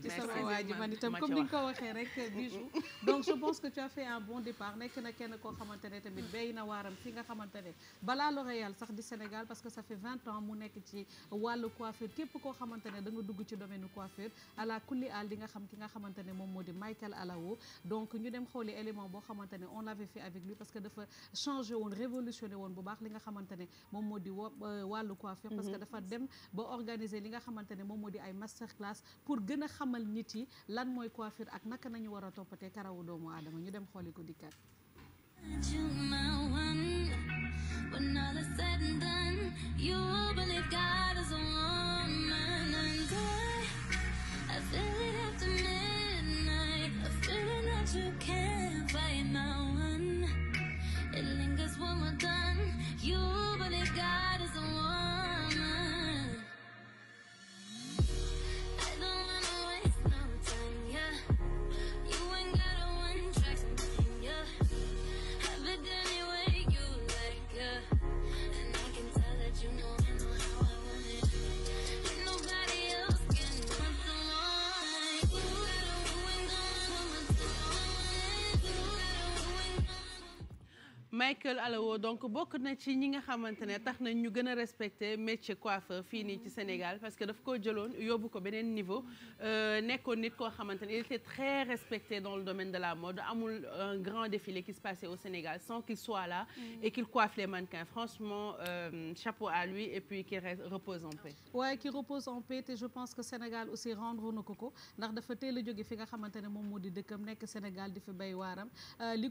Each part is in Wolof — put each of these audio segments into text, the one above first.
dem ci sama waa ji man itam comme ni nga ko waxee rek euh, bijou mm-hmm. donc je pense que tu fait un bon départ nekk na kenn koo xamante tamit béy na waaram fi nga xamante balaa L'Oréal sax di Sénégal parce que ça woon révolutionné woon bu baax li nga xamante moom moo di euh, wàllu coiffure parce que mm-hmm. dafa dem ba organiser li nga xamante moom moo di ay masterclass pour gën a xamal nit yi lan mooy coiffure ak naka nañu war a toppatee karawu doomu aadama ñu dem xooli ko dikkat Michael Alawo donc bokk na ci ñi nga xamante ne tax nañ ñu gën a respecté métier fii nii ci Sénégal parce que daf koo jëloon yóbbu ko beneen niveau euh, nekkoon nit koo xamante ne il était très respecté dans le domaine de la mode amul un grand défilé qui se passait au Sénégal sans qu'il soit là mm. et qu'il coiffe les mannequins franchement euh, chapeau à lui et puis qu'il repose en qui repose en paix te je pense que Sénégal aussi rendre na ko ko ndax dafa teel a jóge fi nga xamante ne moom moo di dëkkam nekk Sénégal di fi bay waaram euh, li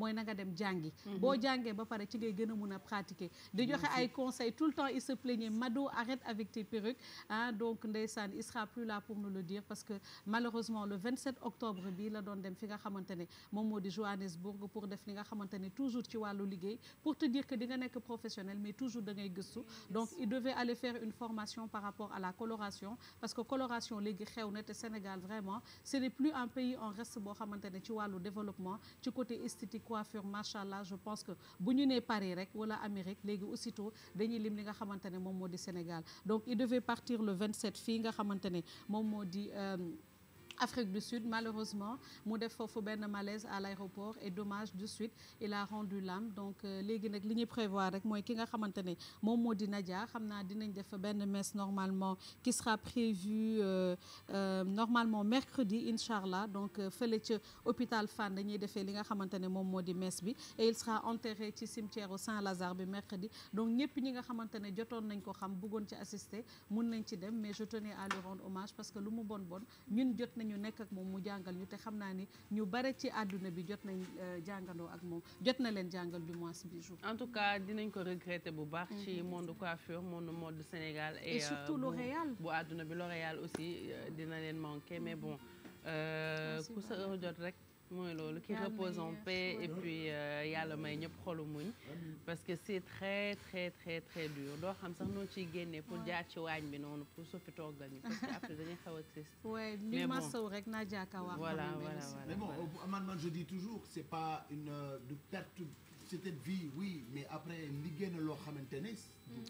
mooy na nga dem jàngi mhm. boo jàngee ba pare ci ngay gën a mun a pratiquer di joxe ay conseils tout le temps il se plaignait Mado arrête avec tes perruques ah donc ndeysaan il sera plus là pour nous le dire parce que le octobre bi la doon dem fi nga xamante ne moom moo di Johannesburg pour def li nga xamante ne toujours ci wàllu liggéey pour te dire que di nga nekk professionnel mais toujours da ngay gëstu donc il devait aller faire une formation par rapport à la coloration coiffure machallah je pense que bu ñu nee Paris rek wala Amérique léegi aussitôt dañuy lim li nga xamante ne moom moo di Sénégal donc il devait partir le vingt 27 fii nga xamante ne moom moo di euh, Afrique du Sud malheureusement mu def foofu benn malaise à l'aéroport et dommage de suite il a rendu l'âme donc euh, léegi nag li ñuy prévoir rek mooy ki nga xamante ne moom moo di Nadia xam naa dinañ def benn messe normalement qui sera prévue euh, euh, normalement mercredi inchallah donc fële ca hôpital fan dañuy defee li nga xamante ne moom moo di mess bi et il sera enterré ci cimetière au Saint-Lazare bi mercredi donc ñëpp ñi nga xamante ne jotoon nañ ko xam bëggoon ci assister mun nañ ci dem mais je tenais à parce que lu mu bon bon ñun jot nañ ñu nekk ak moom mu jàngal ñu te xam naa ni ñu bare ci àdduna bi jot nañ euh, jàngandoo ak moom jot na leen jàngal du moins bi jour en tout cas dinañ ko regretter bu baax ci mm-hmm. monde coiffure monde mode Sénégal et, et surtout euh, L'Oréal bu àdduna bi L'Oréal aussi euh, dina leen manquer mais mm-hmm. bon ku sa jot rek mooy loolu qui repose en paix et euh, yàlla may ñëpp xolu muñ parce que c'est très très très très dur doo xam sax noo ciy génnee pour jaar ci waañ bi noonu pour su fi toggal ñu parce que après dañuy xaw a triste mais bon li ma sow rek naa jàkka wax voilà voilà mais bon euh, man c'est pas une euh, de perte c'était vie oui mais après liggéey na loo xamante ne du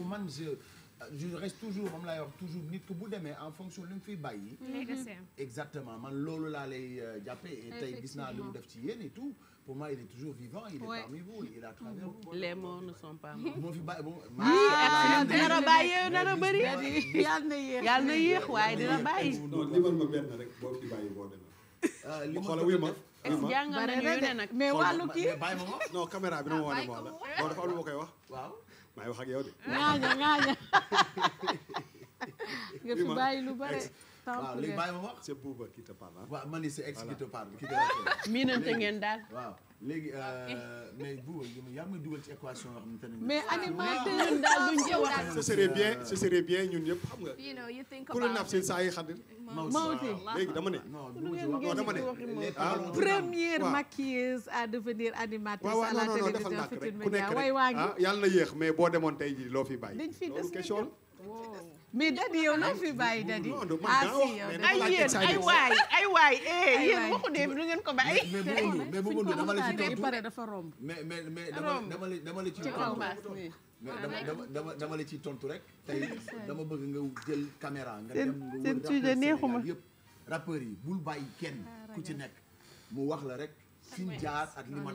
mm. je reste toujours moom laay wax toujours nit ko bu demee en fonction li nga fiy bàyyi. Mm-hmm. exactement man loolu laa lay euh, jàppee. et tey gis naa lu mu def ci yéen et tout pour moi il est toujours vivant. il est parmi vous il est à travers vous. ne sont pas mots. moo fi bàyyi bon. ah dina a dina bëri. yàlla na yéex yàlla na yéex waaye dina la non li ma benn rek boo fi bàyyi boo demee. Euh, li ma xoolal ma. jàngal mais wàllu kii. bàyyi ma ma non caméra bi na ma ah, wane ma la. koy wax waaw. maa wax ak de. ŋaaña ŋaaña. nga fi lu bare. waaw léegi bàyyi ma wax. c'est Bouba qui te parle ah. waaw man ngeen daal léegi euh, mais bu yaa ngi may dugal ci équation yoo xamante ne. mais ah, animateur ñun daal duñ jëw daal. ce bien ce bien ñun ñëpp xam nga. ku la naaf seen saa yi xam ne. léegi dama ne. non dama ne ah, première maquilleuse à devenir animatrice à la télévision Futurs Médias waay waa ngi. Ah, yàlla na yéex mais boo demoon tey jii loo fi bàyyi. dañ fi des mais dadi yow noo fi bàyyi dadi. ay ay waay ay waay eh yéen waxu de du ngeen ko bàyyi. mais mais dama la ci tontu mais mais mais dama dama la ci tontu. dama dama la tontu rek tey dama bëgg nga jël caméra. nga dem nga wër rappeurs yëpp rappeurs yi bul bàyyi kenn ah, ku ci nekk mu wax la rek fi jaar ak li